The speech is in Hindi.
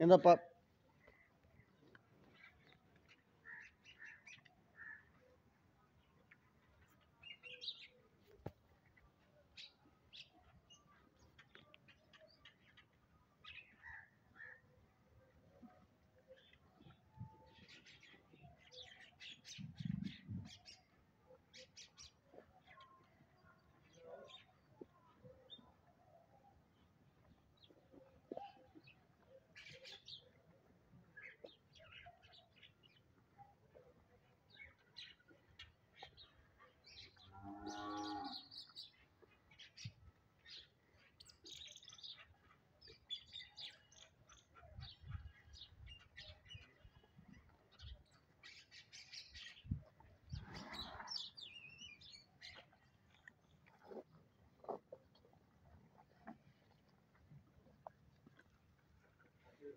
in the pub.